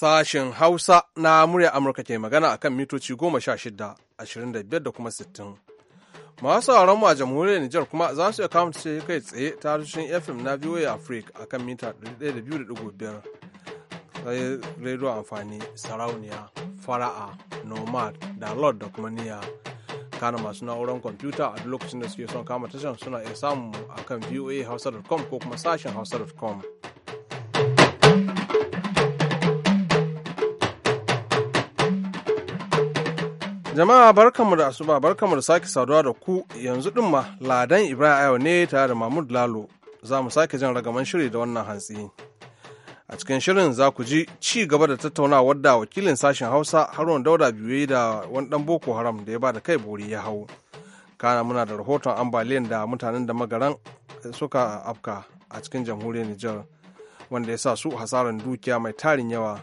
Sashen Hausa na murya Amurka ke magana akan mitoci goma sha shida, ashirin da biyar da kuma sittin. Masu sauraron mu a jamhuriyar Nijar kuma za su iya kama ce kai tsaye ta harshen FM na VOA Africa akan mita 102.5 sai rediyo amfani sarauniya fara'a nomad da lord da kuma niya kana masu na'urar kwamfuta a duk lokacin da suke son kama tashar suna iya samun mu akan voa hausa.com ko kuma sashen hausa.com Jama'a barkanmu da asuba barkanmu da sake saduwa da ku yanzu din ma Ladan Ibrahim Ayo ne tare da Mahmud Lalo za mu sake jan ragaman shiri da wannan hantsi. A cikin shirin za ku ji ci gaba da tattaunawa wadda wakilin sashen Hausa Haruna Dauda biyu da wani dan Boko Haram da ya ba da kai bori ya hau. Kana muna da rahoton ambaliyan da mutanen da magaran suka afka a cikin jamhuriyar Nijar wanda ya sa su hasarar dukiya mai tarin yawa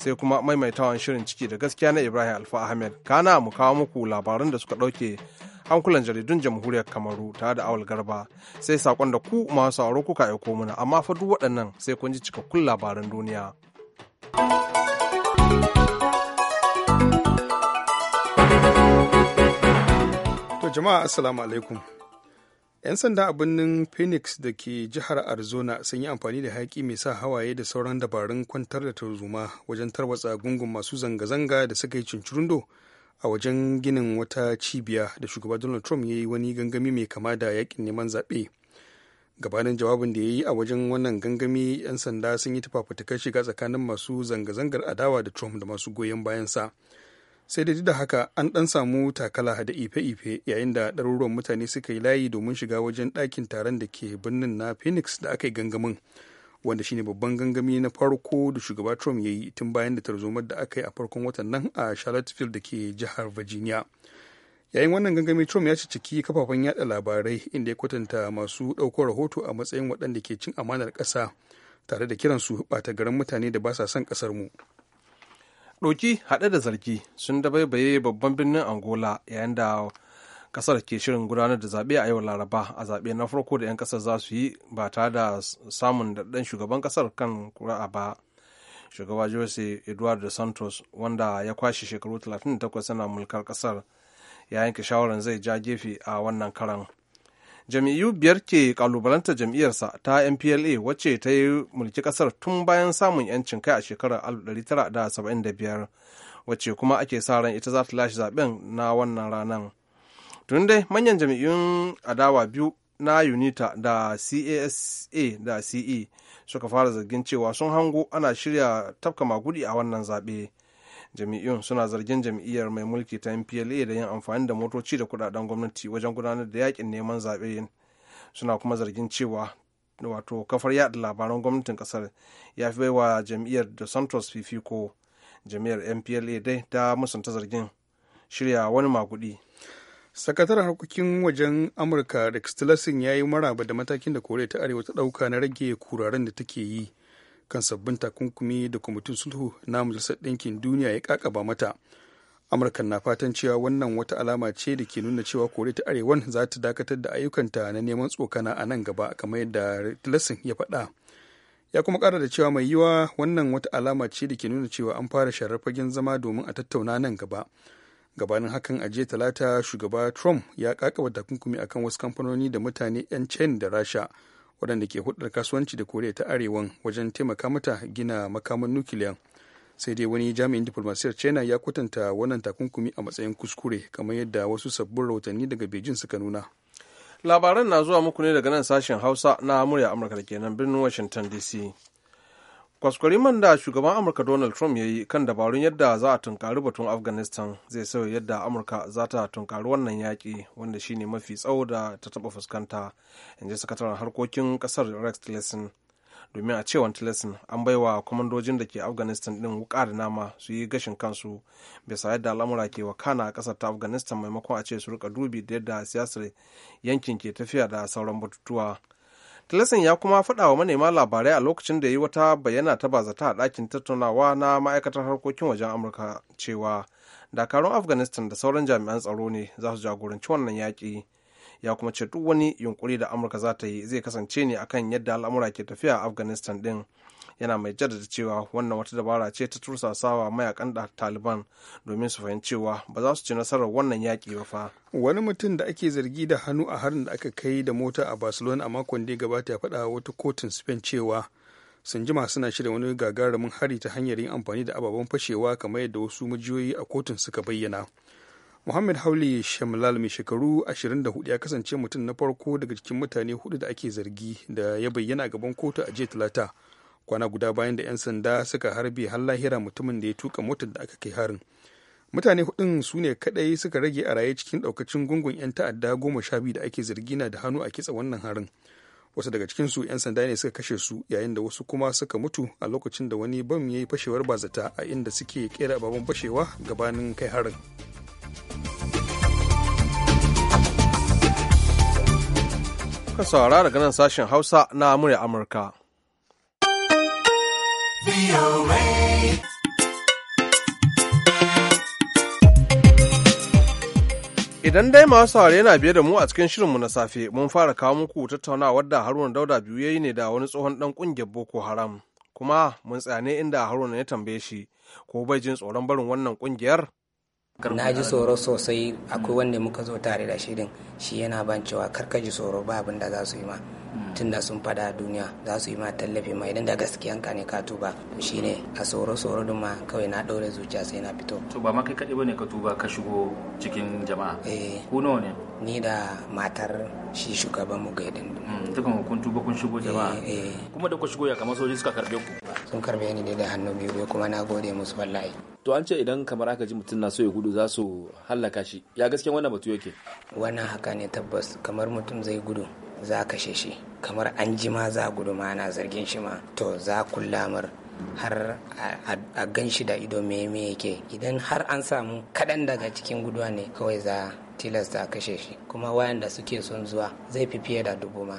sai kuma maimaitawan shirin ciki da gaskiya na ibrahim alfa ahmed kana mu kawo muku labaran da suka ɗauke hankulan jaridun jamhuriyar kamaru tare da awal garba sai sakon da ku masu sauraro kuka aiko mana amma fa duk waɗannan sai kun ji cikakkun labaran duniya to jama'a assalamu alaikum 'yan sanda a birnin phoenix da ke jihar arizona sun yi amfani da hayaƙi mai sa hawaye da sauran dabarun kwantar da tarzoma wajen tarwatsa gungun masu zanga-zanga da suka yi cincirundo a wajen ginin wata cibiya da shugaba donald trump ya yi wani gangami mai kama da yakin neman zaɓe gabanin jawabin da ya yi a wajen wannan gangami 'yan sanda sun yi tafafutukar shiga tsakanin masu zanga-zangar adawa da trump da masu goyon bayansa. sai dai da haka an ɗan samu takala da ife-ife yayin da ɗaruruwan mutane suka yi layi domin shiga wajen ɗakin taron da ke birnin na phoenix da aka yi gangamin wanda shine babban gangami na farko da shugaba trump ya yi tun bayan da tarzomar da aka yi a farkon watan nan a charlottesville da ke jihar virginia yayin wannan gangami trump ya ciki kafafen yada labarai inda ya kwatanta masu ɗaukar rahoto a matsayin waɗanda ke cin amanar ƙasa tare da kiransu ɓata garin mutane da ba sa son ƙasar mu ɗoki haɗe da zargi sun dabaibaye babban birnin angola yayin da ƙasar ke shirin gudanar da zaɓe a yau laraba a zaɓe na farko da 'yan ƙasar za su yi ba tare da samun daɗin shugaban ƙasar kan kura'a ba shugaba jose eduardo santos wanda ya kwashe shekaru 38 yana mulkar ƙasar ya yanke shawarar zai ja gefe a wannan karan jami'u biyar ke kalubalanta jam'iyyarsa ta mpla wacce ta yi mulki kasar tun bayan samun yancin kai a shekarar 1975 wacce kuma ake sa ran ita za ta lashe zaben na wannan ranar tun dai manyan jami'un adawa biyu na unita da casa da ce suka fara zargin cewa sun hango ana shirya tafka magudi a wannan zaɓe jami'in suna zargin jam'iyyar mai mulki ta mpla da yin amfani da motoci da kudaden gwamnati wajen gudanar da yakin neman zaɓe suna kuma zargin cewa wato kafar yada labaran gwamnatin kasar ya fi baiwa jam'iyyar da santos fifiko jam'iyyar mpla dai ta musanta zargin shirya wani magudi sakataren harkokin wajen amurka rex tillerson ya yi maraba da matakin da koriya ta arewa ta dauka na rage kuraren da take yi kan sabbin takunkumi da kwamitin sulhu na majalisar ɗinkin duniya ya kakaba mata amurka na fatan cewa wannan wata alama ce da ke nuna cewa koriya ta arewan za ta dakatar da ayyukanta na neman tsokana a nan gaba kamar yadda tilasin ya faɗa ya kuma ƙara da cewa mai yiwa wannan wata alama ce da ke nuna cewa an fara sharar fagen zama domin a tattauna nan gaba gabanin hakan a jiya talata shugaba trump ya kakaba takunkumi akan wasu kamfanoni da mutane 'yan china da rasha waɗanda ke hudar kasuwanci da koriya ta arewan wajen taimaka mata gina makaman nukiliya sai dai wani jami'in diplomasiyar china ya kwatanta wannan takunkumi a matsayin kuskure kamar yadda wasu sabbin rahotanni daga beijing suka nuna labaran na zuwa muku ne daga nan sashen hausa na murya amurka da kenan birnin washington dc kwaskwariman da shugaban amurka donald trump ya yi kan dabarun yadda za a tunkari batun afghanistan zai sauya yadda amurka za ta tunkari wannan yaƙi wanda shine mafi tsawo da ta taba fuskanta in ji sakataren harkokin ƙasar rex tillerson domin a cewan tillerson an bai baiwa kwamandojin da ke afghanistan din wuka da nama su yi gashin kansu bisa yadda al'amura ke wakana a ƙasar ta afghanistan maimakon a ce su rika dubi da yadda siyasar yankin ke tafiya da sauran batutuwa tillerson ya kuma faɗa wa manema labarai a lokacin da ya yi wata bayyana ta bazata a ɗakin tattaunawa na ma'aikatar harkokin wajen amurka cewa dakarun afghanistan da sauran jami'an tsaro ne za su jagoranci wannan yaƙi ya kuma ce duk wani yunkuri da amurka za ta yi zai kasance ne akan yadda al'amura ke tafiya a afghanistan ɗin. yana mai jaddada cewa wannan wata dabara ce ta tursasawa mayakan da taliban domin su fahimci cewa ba za su ci nasarar wannan yaƙi ba fa wani mutum da ake zargi da hannu a harin da aka kai da mota a barcelona a makon da ya gabata ya faɗa wata kotun spain cewa sun jima suna shirya wani gagarumin hari ta hanyar yin amfani da ababen fashewa kamar yadda wasu majiyoyi a kotun suka bayyana Muhammad Hauli Shamlal mai shekaru 24 ya kasance mutum na farko daga cikin mutane hudu da ake zargi da ya bayyana gaban kotu a jiya talata kwana guda bayan da 'yan sanda suka harbe har lahira mutumin da ya tuka motar da aka kai harin mutane hudun su ne kadai suka rage a raye cikin daukacin gungun 'yan ta'adda goma sha biyu da ake zargi na da hannu a kitsa wannan harin wasu daga cikin su 'yan sanda ne suka kashe su yayin da wasu kuma suka mutu a lokacin da wani bam ya yi fashewar bazata a inda suke kera babban fashewa gabanin kai harin kuka saurara daga nan sashen Hausa na murya Amurka. Idan dai masu saurari yana biye da mu a cikin shirinmu na safe, mun fara kawo muku tattaunawar da Haruna Dauda biyu ya yi ne da wani tsohon ɗan ƙungiyar Boko Haram. Kuma mun tsane inda Haruna ya tambaye shi, ko bai jin tsoron barin wannan ƙungiyar? Na ji tsoro sosai akwai wanda muka zo tare da shirin shi yana ban cewa ka ji tsoro ba abin da za su yi ma. tun da sun fada duniya za su yi ma tallafi ma idan da ka ne ka tuba shi ne a tsoro tsoro duma kawai na ɗaure zuciya sai na fito to ba ma kai ba ne ka tuba ka shigo cikin jama'a eh ku nawa ne ni da matar shi shugaban mu ga yadda mm, dukan kun tuba kun shigo jama'a eh, eh. kuma da ku shigo ya kamar sojoji suka karbe ku sun karbe ni da hannu biyu kuma na gode musu wallahi to an ce idan kamar aka ji mutum na so ya gudu za su hallaka shi ya gaskiya wannan batu yake wannan haka ne tabbas kamar mutum zai gudu za ka shi kamar an ji ma za gudu ma ana zargin shi ma to za kullamar har a gan shi da ido me yake idan har an samu kaɗan daga cikin guduwa ne kawai za tilasta a kashe shi kuma wayanda suke son zuwa zai fi fiye da dubu ma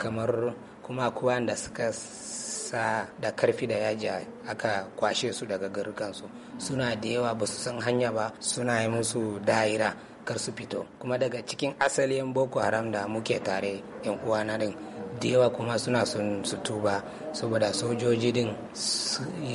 kamar kuma wayanda da suka sa da karfi da yaji aka kwashe su daga garukansu suna da yawa ba su san hanya ba suna yi musu daira kar su fito kuma daga cikin asalin boko haram da muke tare yan uwana din da yawa kuma suna sun su tuba saboda sojoji din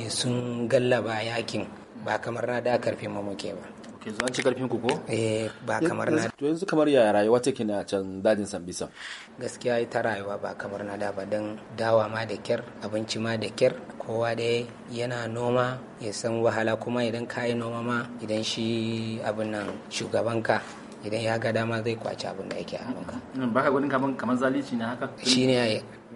sun gallaba yakin ba kamar na da karfi ma muke ba ke an ci karfin ku ko eh ba kamar na to yanzu kamar yaya rayuwa take na can dajin sambisa gaskiya ita rayuwa ba kamar na da ba dan dawa ma da kyar abinci ma da kyar kowa da yana noma ya san wahala kuma idan ka yi noma ma idan shi abin nan shugabanka idan ya ga dama zai kwaci abin da yake a hannunka mm, ba ka gudun kamar zalici ne haka shine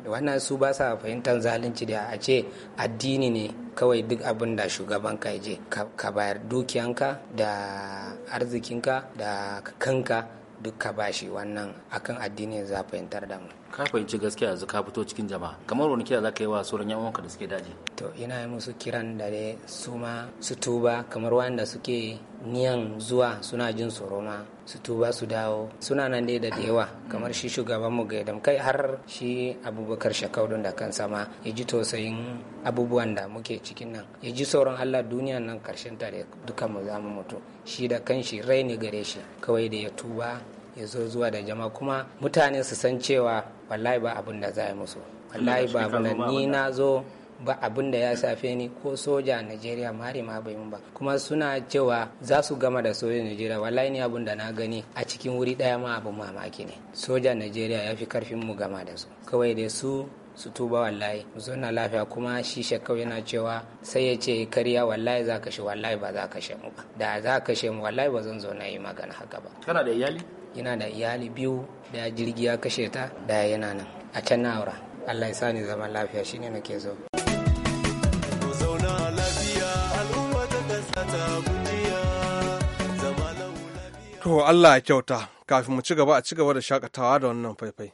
wannan su ba sa fahimtar zalunci da a ce addini ne kawai duk abin da shugaban ka je ka bayar dukiyanka da arzikinka da kanka duk ka bashi wannan akan addini za fahimtar da mu ka fahimci gaskiya yanzu ka fito cikin jama'a kamar wani kira za ka yi wa sauran yan uwanka da suke daji to ina yi musu kiran da dai su ma su tuba kamar wanda suke niyan zuwa suna jin tsoro ma su tuba su dawo suna nan dai da yawa kamar shi shugaban mu ga kai har shi abubakar shakaudun da kansa ma ya ji tausayin abubuwan da muke cikin nan ya ji sauran allah duniya nan karshen ta da duka mu mu mutu shi da kanshi rai ne gare shi kawai da ya tuba ya zo zuwa da jama'a kuma mutane su san cewa wallahi ba abin da za yi musu wallahi ba abin ni na zo ba abin da ya safe ni ko soja a Najeriya mari ma bai mun ba kuma suna cewa za su gama da sojan Najeriya wallahi ni abin da na gani a cikin wuri daya ma abin mamaki ne soja Najeriya ya fi karfin mu gama da su kawai da su su tuba wallahi mu zauna lafiya kuma shi shakkau yana cewa sai ya ce karya wallahi za ka shi wallahi ba za ka shi mu ba da za ka shi mu wallahi ba zan zo na yi magana haka ba kana da iyali yana da iyali biyu da jirgi ya kashe ta da yana nan a can na aura allah ya sa ni zaman lafiya shine nake zo To Allah ya kyauta kafin mu ci gaba a ci gaba da shakatawa da wannan faifai.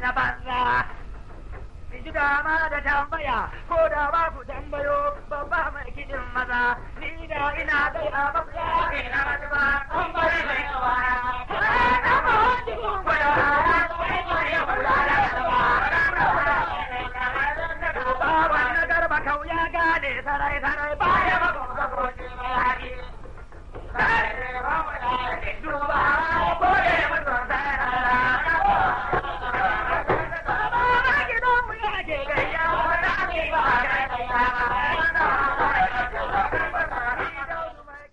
na banza ji dama da tambaya ko da ba ku tambayo babba mai kidin maza ni da ina bai a babba ina ba an mai kawara eh, ba wani kun kwaya na ya da ba na garba Kauya, gane sarai sarai ba ya ba ko ko ba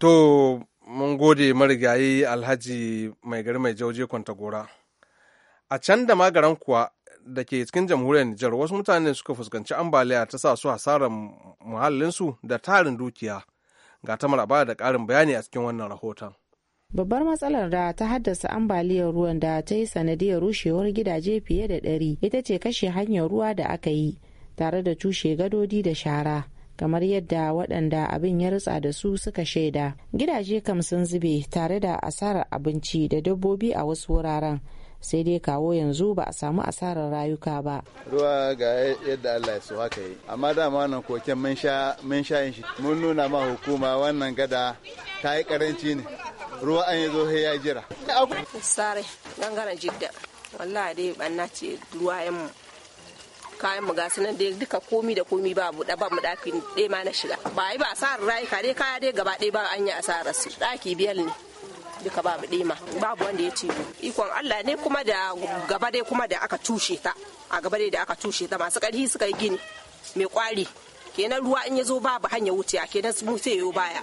To, mun gode marigayi Alhaji mai gari mai jauje Kwantagora. A can da magaran kuwa da ke cikin jamhuriyar Nijar wasu mutane suka fuskanci ambaliya ta sa su hasarar muhallinsu da tarin dukiya. Ga tamar maraba da ƙarin bayani a cikin wannan rahoton. Babbar matsalar da ta haddasa ambaliyar ruwan da ta yi sanadiyar rushewar gidaje fiye da ɗari ita ce kashe hanyar ruwa da aka yi tare da tushe gadodi da shara. kamar yadda waɗanda abin ya rutsa da su suka shaida gidaje kam sun zube tare da asarar abinci da dabbobi a wasu wuraren sai dai kawo yanzu ba a samu asarar rayuka ba ruwa ga yadda allah ya so haka yi amma dama wannan koken mun sha yin shi mun nuna ma hukuma wannan gada ta yi karanci ne ruwa an yi zo sai ya jira sare gangaren jidda wallahi dai banna ce ruwa kayan mu gasu sunan dai duka komi da komi ba mu da ba mu daki ɗaya ma na shiga ba yi ba asarar rayuka dai kaya dai gaba ɗaya ba anya yi asarar su daki biyar ne duka babu ɗima babu wanda ya ce ikon Allah ne kuma da gaba dai kuma da aka tushe ta a gaba dai da aka tushe ta masu ƙarfi suka yi gini mai kwari kenan ruwa in ya zo babu hanya wuce a kenan mu sai yo baya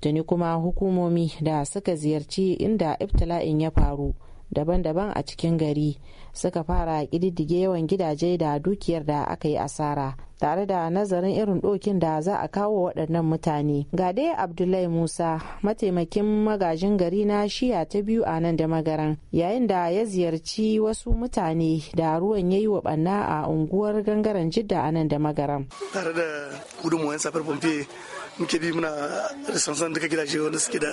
tuni kuma hukumomi da suka ziyarci inda ibtila'in ya faru daban-daban a cikin gari suka fara ƙididdige yawan gidaje da dukiyar da aka yi asara tare da nazarin irin ɗokin da za a kawo waɗannan mutane ga dai abdullahi musa mataimakin magajin gari na shiya ta biyu a nan da magaran yayin da ya ziyarci wasu mutane da ruwan ya yi wa ɓanna a unguwar gangaren jidda a nan da magaran tare da gudunmuwan safar pompe muke bi muna da sansan duka gidaje wanda suke da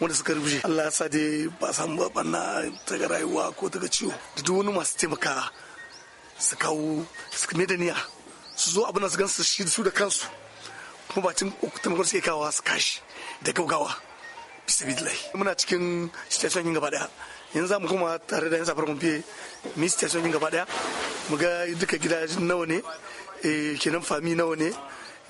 wanda suka rubuce Allah ya sa dai ba samu banna ta ga rayuwa ko ta ga ciwo da duk wani masu taimaka su kawo su kame da niya su zo abin da su gansu shi su da kansu kuma ba taimakon su kawa su kashi da gaugawa bisa bidlai muna cikin station yin gaba daya yanzu za mu kuma tare da yan safar fiye mi station yin gaba daya mu ga duka gidajen nawa ne eh, kenan fami nawa ne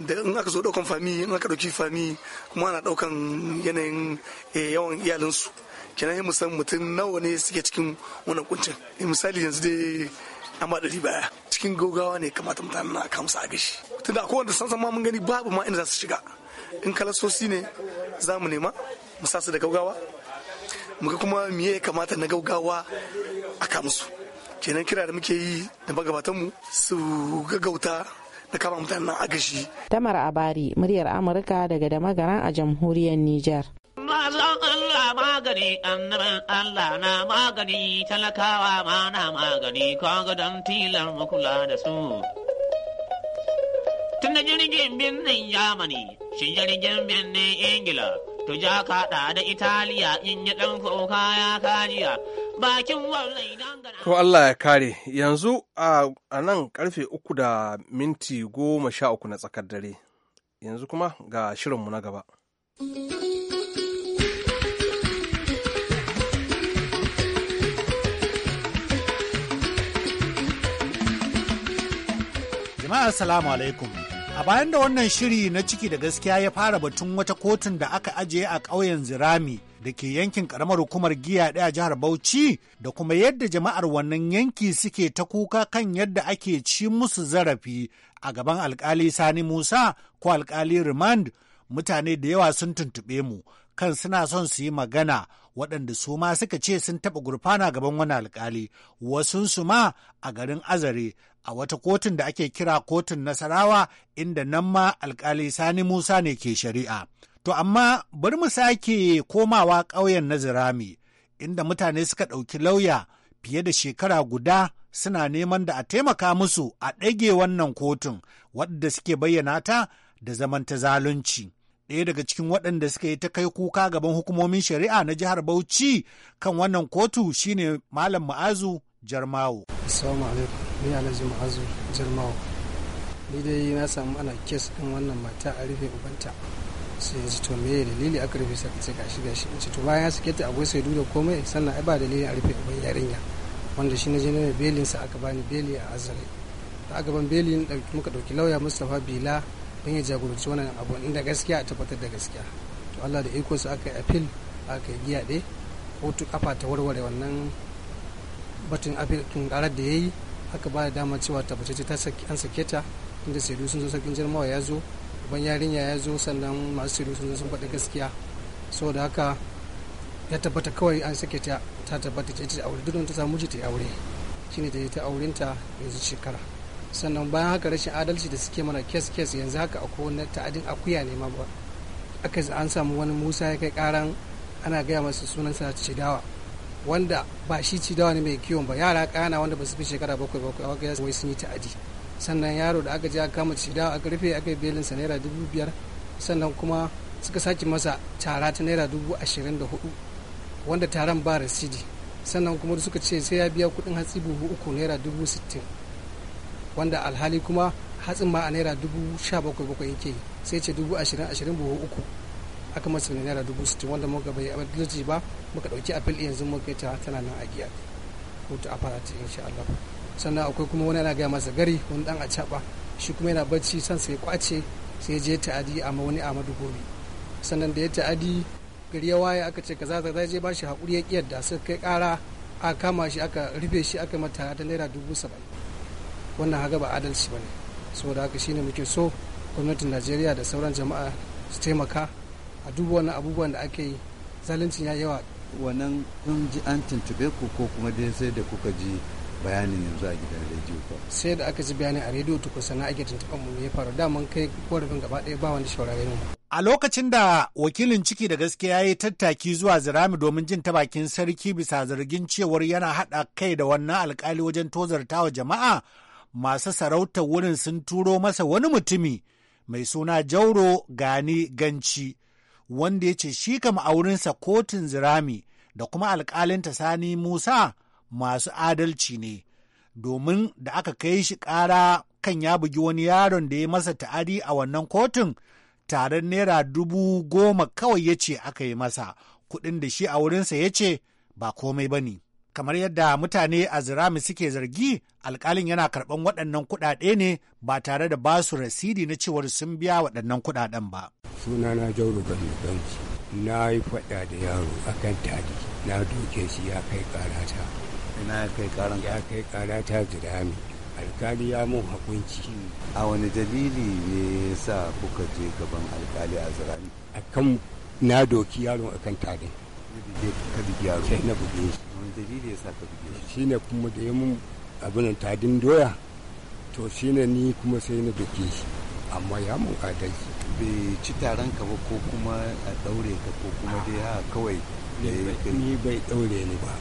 da in aka zo daukan fami in aka dauki fami kuma ana daukan yanayin eh, yawan iyalinsu kenan ya musamman mutum nawa ne suke cikin wannan kuncin eh, misali yanzu dai amma da ɗari baya cikin gogawa ne kamata mutane na kamsa a gashi tun da kowanne san san ma mun gani babu ma inda za su shiga in kalasosi ne za mu nema mu sa su da gaugawa muka kuma miye ya kamata na gaugawa a kamsu kenan kira da muke yi da bagabatanmu su gaggauta da kama mutane na agashi. Tamar Abari, muryar Amurka daga da magaran a jamhuriyar Nijar. Mazan Allah magani, annaban Allah na magani, talakawa ma na magani, kaga don tilar makula da su. Tun da jirgin birnin Yamani, shi jirgin birnin Ingila, to ja kaɗa da Italiya in ya ɗan kuka ya kariya. Bakin wallai dangana. Ko Allah ya kare, yanzu a nan karfe uku da minti goma sha uku na tsakar dare. Yanzu kuma ga shirinmu na gaba. Jama'a salamu alaikum. A bayan da wannan shiri na ciki da gaskiya ya fara batun wata kotun da aka ajiye a ƙauyen Zirami da ke yankin ƙaramar hukumar giya ɗaya jihar Bauchi da kuma yadda jama'ar wannan yanki suke ta kuka kan yadda ake ci musu zarafi a gaban alkali Sani Musa ko alkali Remand mutane da yawa sun tuntuɓe mu kan suna son su yi magana waɗanda su ma suka ce sun taɓa gurfana gaban wani alkali wasunsu ma a garin azare a wata kotun da ake kira kotun nasarawa inda nan ma alƙali sani musa ne ke shari'a to amma bari mu sake komawa ƙauyen na zirami inda mutane suka ɗauki lauya fiye da shekara guda suna neman da a taimaka musu a ɗage wannan kotun wadda suke bayyana ta da zaman ta zalunci. ɗaya daga cikin waɗanda suka yi ta kai kuka gaban hukumomin shari'a na jihar Bauchi kan wannan kotu shine Malam Ma'azu Jarmawo. Assalamu alaikum, ni Alhaji Ma'azu Jarmawo. Ni dai na samu ana kes ɗin wannan mata a rufe ubanta. Sai yanzu to me dalili aka rufe saka ce gashi gashi in ce to bayan ya sake ta abu sai duda komai sannan ai ba dalili a rufe uban yarinya. Wanda shi na je na belin sa aka bani beli a azare. Da aka ban belin muka ɗauki lauya Mustapha Bila don ya jagoranci wannan abu inda gaskiya a tabbatar da gaskiya to Allah da iko su aka yi appeal aka yi ko kotu kafa ta warware wannan batun appeal kin karar da yayi aka ba da dama cewa tabbace ta saki an sake ta inda shaidu sun zo sarkin jirmawa ya zo ban yarinya ya zo sannan masu shaidu sun zo sun faɗi gaskiya saboda haka ya tabbata kawai an sake ta ta tabbata ce ta aure duk ta samu ji ta aure shine ta yi ta aurenta yanzu shekara sannan bayan haka rashin adalci da suke mana kes kes yanzu haka akwai na ta'adin akuya ne ma ba aka an samu wani musa ya kai karan ana gaya masa sunan sa cidawa wanda ba shi cidawa ne mai kiwon ba yara kana wanda ba su fi shekara bakwai bakwai aka ya wai sun yi ta'adi sannan yaro da aka je aka kama cidawa aka rufe aka yi belin sa naira dubu biyar sannan kuma suka sake masa tara ta naira dubu ashirin da hudu wanda taron ba rasidi sannan kuma suka ce sai ya biya kudin hatsi buhu uku naira dubu sittin wanda alhali kuma hatsin ma a naira dubu sha bakwai bakwai yake sai ce dubu ashirin ashirin buhu uku aka masu ne naira dubu sittin wanda muka bai adalci ba muka ɗauki apil yanzu muka ta tana nan a giya hutu a farati insha Allah sannan akwai kuma wani yana gaya masa gari wani dan a caɓa shi kuma yana barci san sai kwace sai je ta'adi amma wani amadu gobe sannan da ya adi gari ya waye aka ce kaza za je ba shi haƙuri ya ƙiyar da suka kai ƙara a kama shi aka rufe shi aka mata da naira dubu saba'in wannan haka ba adalci ba ne saboda haka shine muke so gwamnatin najeriya da sauran jama'a su taimaka a duba wannan abubuwan da ake yi zaluncin ya yawa wannan kun ji an tuntube ku ko kuma dai sai da kuka ji bayanin yanzu a gidan rediyo ko sai da aka ji bayanin a rediyo tukun sana ake tuntuban mu ya faru daman kai korafin gaba ɗaya ba wani shawarar mu a lokacin da wakilin ciki da gaskiya ya yi tattaki zuwa zirami domin jin ta bakin sarki bisa zargin cewar yana haɗa kai da wannan alkali wajen tozartawa jama'a masu sarauta wurin sun turo masa wani mutumi mai suna Jauro Gani Ganci, wanda ya ce shi kam a wurinsa kotun zirami da kuma alƙalinta Sani Musa masu adalci ne, domin da aka kai shi ƙara kan ya bugi wani yaron da ya masa ta'adi a wannan kotun, Taren naira dubu goma kawai ya ce aka yi masa, kuɗin da shi a wurinsa ya ce ba komai ba ne. kamar yadda mutane a zirami suke zargi alkalin yana karɓan waɗannan kuɗaɗe ne ba tare da ba su rasidi na cewar sun biya waɗannan kuɗaɗen ba. sunana jauro gani banki na yi faɗa da yaro akan tadi na doke shi ya kai karata na kai karan ya kai karata zirami alkali ya mun hakunci a wani dalili ne sa kuka je gaban alkali a zirami akan na doki yaro akan tadi ka bugi yaro sai na buge shi dalili ya sa ka buge shi shine kuma da yi mun abin tadin doya to shine ni kuma sai na doke shi amma ya mun kadai bai ci taron ka ba ko kuma a daure ka ko kuma dai ha kawai ni bai daure ni ba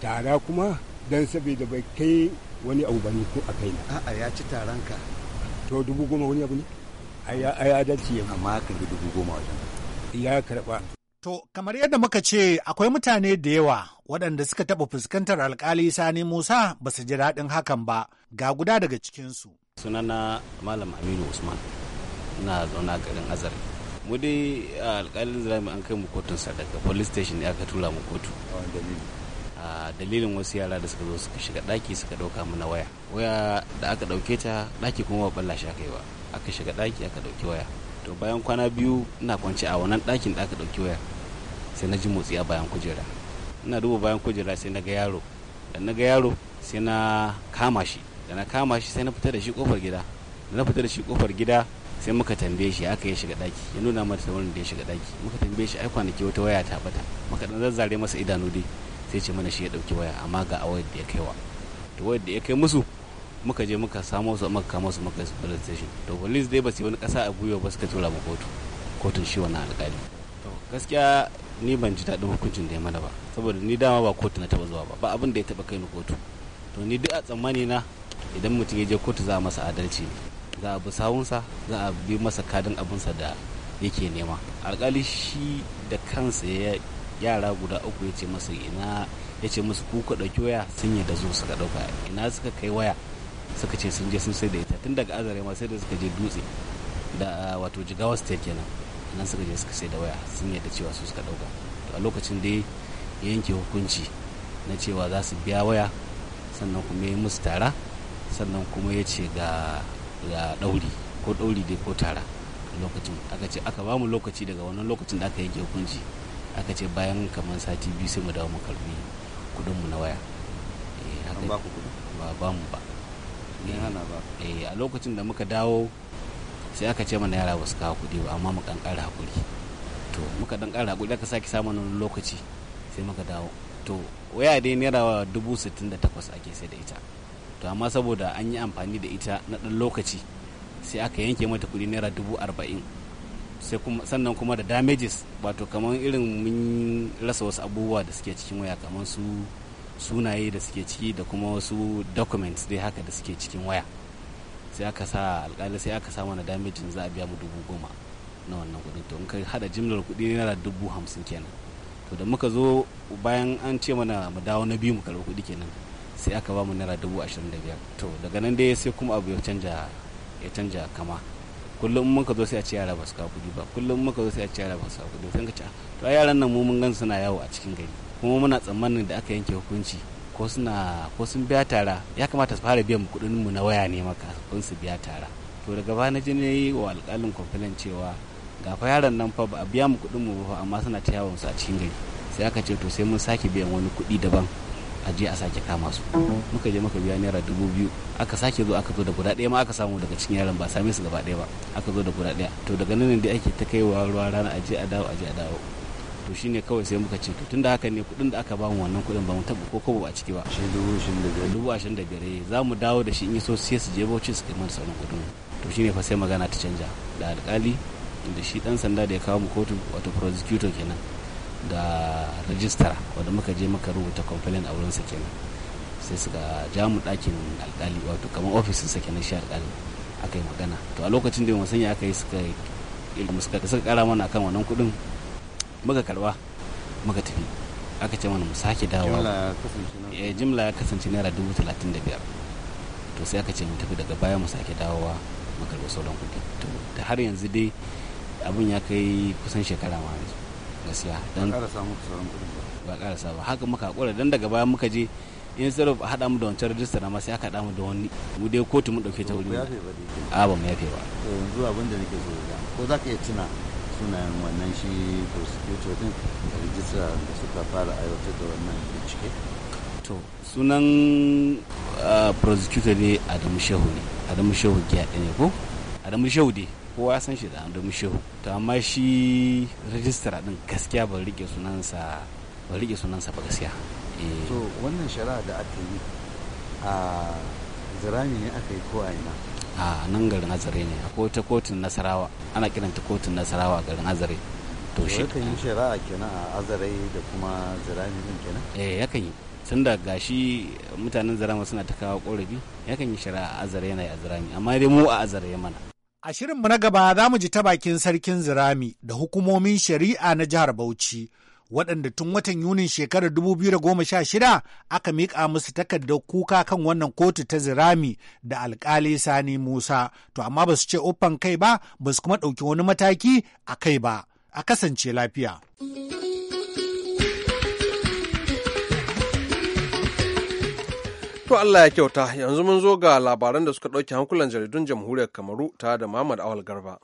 tara kuma dan saboda bai kai wani abu bane ko a kai a'a ya ci taron ka to dubu goma wani abu ne a ya dace amma ka dubu goma wajen ya karba To, kamar yadda muka ce, akwai mutane da yawa waɗanda suka taɓa fuskantar alkali Sani Musa ba su ji daɗin hakan ba ga guda daga cikinsu. Sunana Malam Aminu Usman na zauna garin Azare. Mu dai alkalin Zirami an kai mu kotun sadaka police station ne aka tura mu kotu. a dalilin wasu yara da suka zo suka shiga ɗaki suka ɗauka mana waya waya da aka ɗauke ta ɗaki kuma ba balla shi aka yi ba aka shiga ɗaki aka ɗauki waya to bayan kwana biyu ina kwance a wannan ɗakin da aka ɗauki waya sai na ji motsi a bayan kujera ina duba bayan kujera sai na ga yaro da na ga yaro sai na kama shi da na kama shi sai na fita da shi kofar gida da na fita da shi kofar gida sai muka tambaye shi aka ya shiga daki ya nuna mata wurin da ya shiga daki muka tambaye shi ai kwanaki wata waya ta bata muka dan zazzare masa idanu dai sai ce mana shi ya dauki waya amma ga a wayar da ya kaiwa to wayar da ya kai musu muka je muka samo su muka kama su muka police station to police dai ba su wani kasa a gwiwa ba suka tura mu kotu kotun shi wannan alƙali to gaskiya ni ban ji daɗin hukuncin da ya mana ba saboda ni dama ba kotu na taɓa zuwa ba ba abin da ya taɓa kai ni kotu to ni duk a tsammani na idan mutum ya je kotu za a masa adalci za a bi sawunsa za a bi masa kadin abinsa da yake nema alkali shi da kansa ya yara guda uku ya ce masa ina ya ce musu kuka ɗauki waya sun yi da zo suka ɗauka ina suka kai waya suka ce sun je sun sai da ita tun daga azare ma sai da suka je dutse da wato jigawa state kenan nan suka je suka sai da waya sun yadda cewa su suka dauka to a lokacin da ya yanke hukunci na cewa za su biya waya sannan kuma ya musu tara sannan kuma ya ce ga dauri ko dauri dai ko tara lokacin aka ce aka bamu lokaci daga wannan lokacin da aka yanke hukunci aka ce bayan kamar sati biyu sai mu dawo mu karbi kudin mu na waya eh haka ba ku kudi ba mu ba ne hana ba eh a lokacin da muka dawo sai aka ce mana yara ba su kawo kuɗi ba amma mu kan ƙara hakuri to muka dan ƙara hakuri aka sake samun wani lokaci sai muka dawo to waya dai naira dubu sittin da takwas ake sai da ita to amma saboda an yi amfani da ita na ɗan lokaci sai aka yanke mata kuɗi naira dubu arba'in sai kuma sannan kuma da damages wato kamar irin mun rasa wasu abubuwa da suke cikin waya kamar su sunaye da suke ciki da kuma wasu documents dai haka da suke cikin waya sai aka sa alkali sai aka sa mana damejin za a biya mu dubu goma na wannan kudin to in ka hada jimlar kudi naira dubu hamsin kenan to da muka zo bayan an ce mana mu dawo na biyu mu karɓi kudi kenan sai aka ba mu naira dubu ashirin da biyar to daga nan dai sai kuma abu ya canja ya canja kama kullum muka zo sai a ce yara ba su kawo kudi ba kullum muka zo sai a ce yara ba su kawo kudi sai ka ce ah, to a yaran nan mu mun gan suna yawo a cikin gari kuma muna tsammanin da aka yanke hukunci ko suna ko sun biya tara ya kamata su fara biyan kudin mu na waya ne maka kun su biya tara to daga baya na ji ne yi wa alƙalin complain cewa ga fa yaron nan fa ba a biya mu kudin mu ba amma suna ta yawon su a cikin gari sai aka ce to sai mun sake biyan wani kuɗi daban a je a sake kama su muka je muka biya naira dubu biyu aka sake zo aka zo da guda ɗaya ma aka samu daga cikin yaran ba same su gaba ɗaya ba aka zo da guda ɗaya to daga nan ne dai ake ta wa ruwa rana a je a dawo a je a dawo to shine kawai sai muka ce to tunda haka ne kuɗin da aka ba mu wannan kuɗin ba mu taɓa ko kobo a ciki ba shi dubu ashirin da biyar dubu ashirin da biyar eh, za mu dawo da shi in yi so sai su je bauchi su kai mana sauran kuɗin to shine fa sai magana ta canja da alƙali da shi ɗan sanda da ya kawo mu kotu wato prosecutor kenan da rajistar wanda muka je muka rubuta complaint a wurin sa kenan sai suka ja mu ɗakin alƙali wato kamar sa kenan shi alƙali aka yi magana to a lokacin da mu sanya aka yi suka suka kara mana akan wannan kudin muka karba muka tafi aka ce mana mu sake dawo eh, jimla ya kasance naira dubu talatin da biyar to sai aka ce mu tafi daga baya mu sake dawowa mu karba sauran kuɗi to da har yanzu dai abun ya kai kusan shekara ma yanzu gaskiya dan ba ƙara samu haka muka hakura dan daga baya muka je in sai a haɗa mu da wancan rajista na sai aka haɗa mu da wani mu dai kotu mu ɗauke ta wuri a ba mu yafe ba yanzu abin da nake so ko za ka iya tuna sunayen wannan shi prosecutor din da rijistra da suka fara aiwatar da wannan bincike to sunan prosecutor ne adamu shehu ne adamu shehu giya ne ko adamu shehu dai kowa ya san shi da adamu shehu to amma shi rijistra din gaskiya ban rike sunansa ban rike sunansa ba gaskiya eh. to wannan shari'a da aka yi a zirami ne aka yi ko a ina a nan garin azare ne a ta kotun nasarawa ana kiranta kotun nasarawa garin azare to shi yakan yi shari'a kenan a azare da kuma zirami din kenan eh yakan yi tun da gashi mutanen zarama suna ta kawo korafi yakan yi shari'a a azare yana a zirami amma dai mu a azare mana a shirin mu na gaba za mu ji ta bakin sarkin zirami da hukumomin shari'a na jihar Bauchi waɗanda tun watan Yunin shekarar 2016 aka miƙa musu takardar kuka kan wannan kotu ta zirami da alkali Sani Musa, to amma ba su ce uffan kai ba, ba su kuma ɗauki wani mataki a kai ba, a kasance lafiya. To Allah ya kyauta yanzu mun zo ga labaran da suka ɗauki hankulan jaridun jamhuriyar Kamaru ta da Muhammad Awal Garba.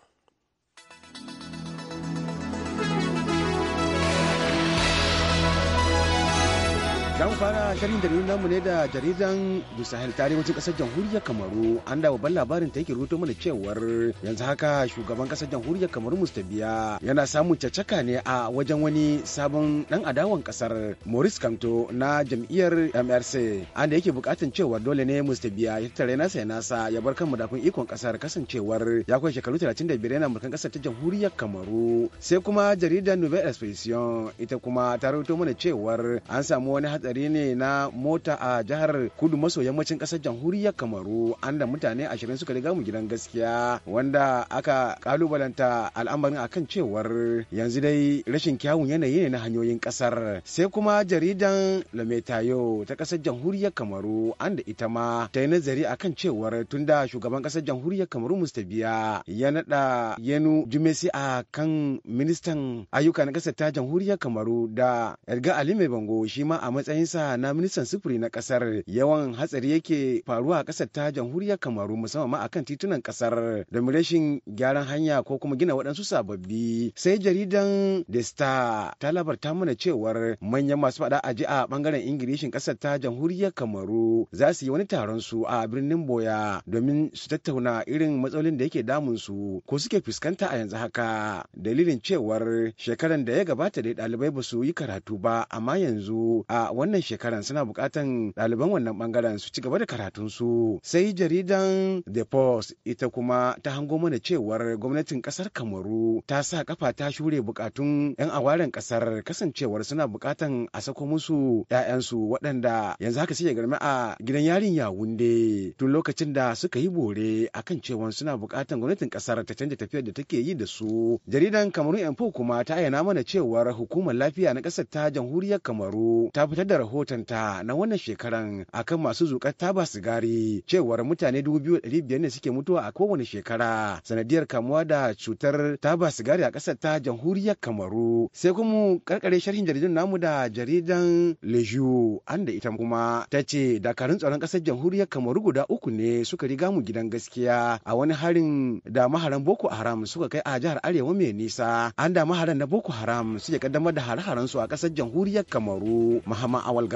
za mu fara shirin nuna mu ne da jaridan du sahel ta kasar jamhuriyar kamaru an da babban labarin ta yake rubuto mana cewar yanzu haka shugaban kasar jamhuriyar kamaru mustabiya yana samun caccaka ne a wajen wani sabon dan adawan kasar maurice kamto na jam'iyyar mrc an da yake bukatan cewar dole ne mustabiya ya tare nasa ya nasa ya bar kan madafin ikon kasar kasancewar ya kai shekaru 35 yana mulkan kasar ta jamhuriyar kamaru sai kuma jaridar nouvelle expression ita kuma ta rubuto mana cewar an samu wani hatsari hatsari ne na mota a jihar kudu maso yammacin kasar jamhuriyar kamaru an da mutane ashirin suka riga mu gidan gaskiya wanda aka kalubalanta al'amarin akan cewar yanzu dai rashin kyawun yanayi ne na hanyoyin kasar sai kuma jaridan lametayo ta kasar jamhuriyar kamaru an da ita ma ta yi nazari akan cewar tunda shugaban kasar jamhuriyar kamaru biya ya nada yanu jumesi a kan ministan ayyuka na kasar ta jamhuriyar kamaru da edgar ali mai bango shi ma a matsayin matsayinsa na ministan sufuri na kasar yawan hatsari yake faruwa a kasar ta jamhuriyar kamaru musamman ma akan titunan kasar da rashin gyaran hanya ko kuma gina waɗansu sababbi sai jaridan the star ta labarta mana cewar manyan masu faɗa a ji a bangaren ingilishin kasar ta jamhuriyar kamaru za su yi wani taron su a birnin boya domin su tattauna irin matsalolin da yake damun su ko suke fuskanta a yanzu haka dalilin cewar shekaran da ya gabata da ɗalibai ba su yi karatu ba amma yanzu a wannan shekaran suna bukatan ɗaliban wannan bangaren su ci gaba da karatunsu sai jaridan the post ita kuma ta hango mana cewar gwamnatin kasar kamaru ta sa kafa ta shure bukatun 'yan awaren kasar kasancewar suna bukatan a sako musu 'ya'yansu waɗanda yanzu haka suke garma a gidan yarin yawunde tun lokacin da suka yi bore akan cewa suna bukatan gwamnatin kasar ta canja tafiyar da take yi da su jaridan kamaru info kuma ta ayyana mana cewar hukumar lafiya na ƙasar ta jamhuriyar kamaru ta fitar da da rahotonta na wannan shekaran akan masu zukar taba sigari cewar mutane 2,500 ne suke mutuwa a kowane shekara sanadiyar kamuwa da cutar taba sigari a ƙasar ta jamhuriyar kamaru sai kuma karkare sharhin jaridun namu da jaridan leju an da ita kuma ta ce dakarun tsaron kasar jamhuriyar kamaru guda uku ne suka riga mu gidan gaskiya a wani harin da maharan boko haram suka kai a jihar arewa mai nisa an da maharan na boko haram suke kaddamar da hare-haren su a kasar jamhuriyar kamaru muhammad a Awal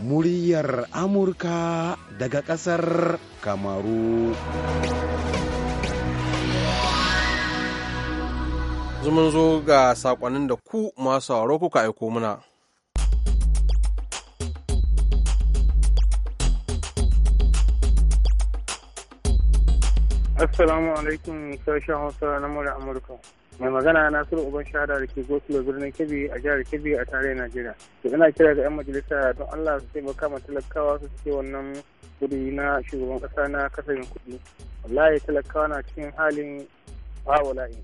muryar Amurka daga kasar Kamaru. Zumun zo ga saƙonnin da ku masu sauro kuka aiko muna. Assalamu alaikum sashen Hausa na Amurka. mai magana nasiru uban shahada da ke gosulo birnin kebbi a jihar kebbi a tarayyar najeriya to ina kira ga 'yan majalisa don allah su taimaka ma talakawa su ce wannan guri na shugaban kasa na kasarin kuɗi wallahi talakawa na cikin halin bawala'i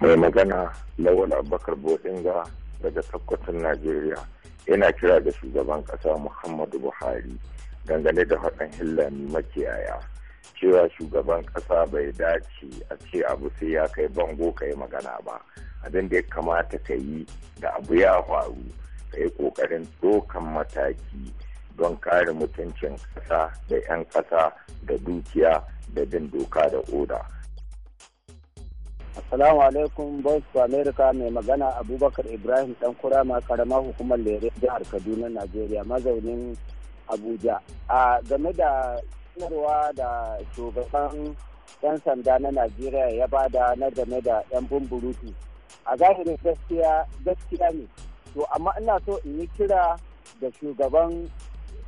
mai magana lawal abubakar bosinga daga sakkwatan najeriya ina kira da shugaban kasa muhammadu buhari dangane da haɗin hillar makiyaya cewa shugaban kasa bai dace a ce abu sai ya kai bango ka yi magana ba abin da ya kamata ka yi da abu ya faru ka yi kokarin dokan mataki don kare mutuncin kasa da 'yan kasa da dukiya da bin doka da oda Assalamu alaikum Bosu America mai magana Abubakar Ibrahim dan kurama karamar hukumar lere jihar Kaduna Najeriya mazaunin Abuja. A game da sanarwa da shugaban 'yan sanda na najeriya ya bada na game da 'yan bumburutu a zahirin gaskiya gaskiya ne to amma ina so in yi kira da shugaban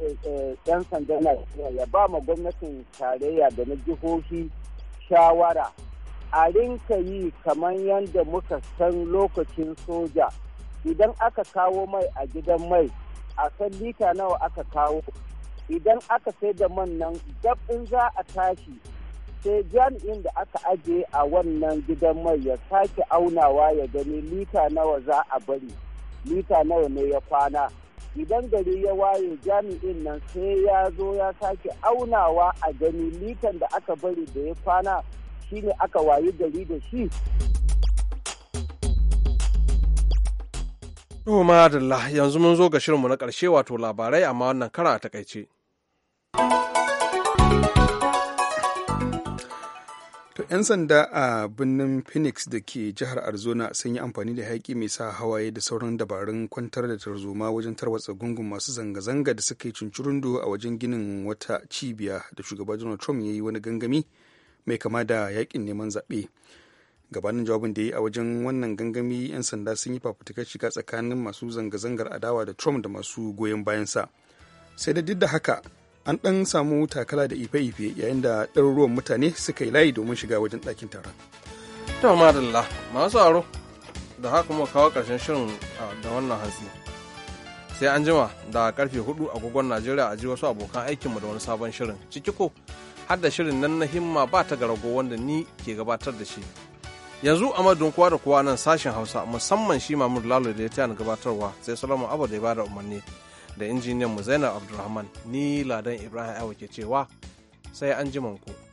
eh, eh, 'yan sanda na najeriya ya ba ma gwamnatin tarayya da na jihohi shawara a rinka yi kamar yadda muka san lokacin soja idan aka kawo mai a gidan mai a san lita nawa aka kawo idan aka sai da man nan in za a tashi sai jami'in da aka ajiye a wannan gidan mai ya sake aunawa ya gani lita nawa za a bari lita nawa ne ya kwana idan gari ya waye jami'in nan sai ya zo ya sake aunawa a gani litan da aka bari da ya kwana shine aka wayi gari da shi ma da yanzu mun zo ga shirinmu na ƙarshe wato labarai amma wannan kara a takaice. To 'yan sanda a birnin Phoenix da ke jihar Arizona sun yi amfani da haƙi mai sa hawaye da sauran dabarun kwantar da tarzoma wajen tarwatsa gungun masu zanga-zanga da suka yi cincirundo a wajen ginin wata cibiya da shugaba Donald Trump ya yi wani gangami mai kama da yaƙin neman zaɓe. gabanin jawabin da ya yi a wajen wannan gangami 'yan sanda sun yi fafutukar shiga tsakanin masu zanga-zangar adawa da trump da masu goyon bayansa sai da duk da haka an ɗan samu takala da ife-ife yayin da ɗaruruwan mutane suka yi layi domin shiga wajen ɗakin taron. to madalla masu aro da haka muka kawo ƙarshen shirin da wannan hantsi sai an jima da karfe hudu agogon najeriya a ji wasu abokan aikinmu da wani sabon shirin ciki ko har da shirin nan na himma ba ta garago wanda ni ke gabatar da shi yanzu a madadin kowa da kowa nan sashen hausa musamman shi mamur lalo da ya tayana gabatarwa sai salamu abu da ya bada umarni da injiniyan mu zainab abdulrahman ni ladan ibrahim aiwa ke cewa sai an ji ku.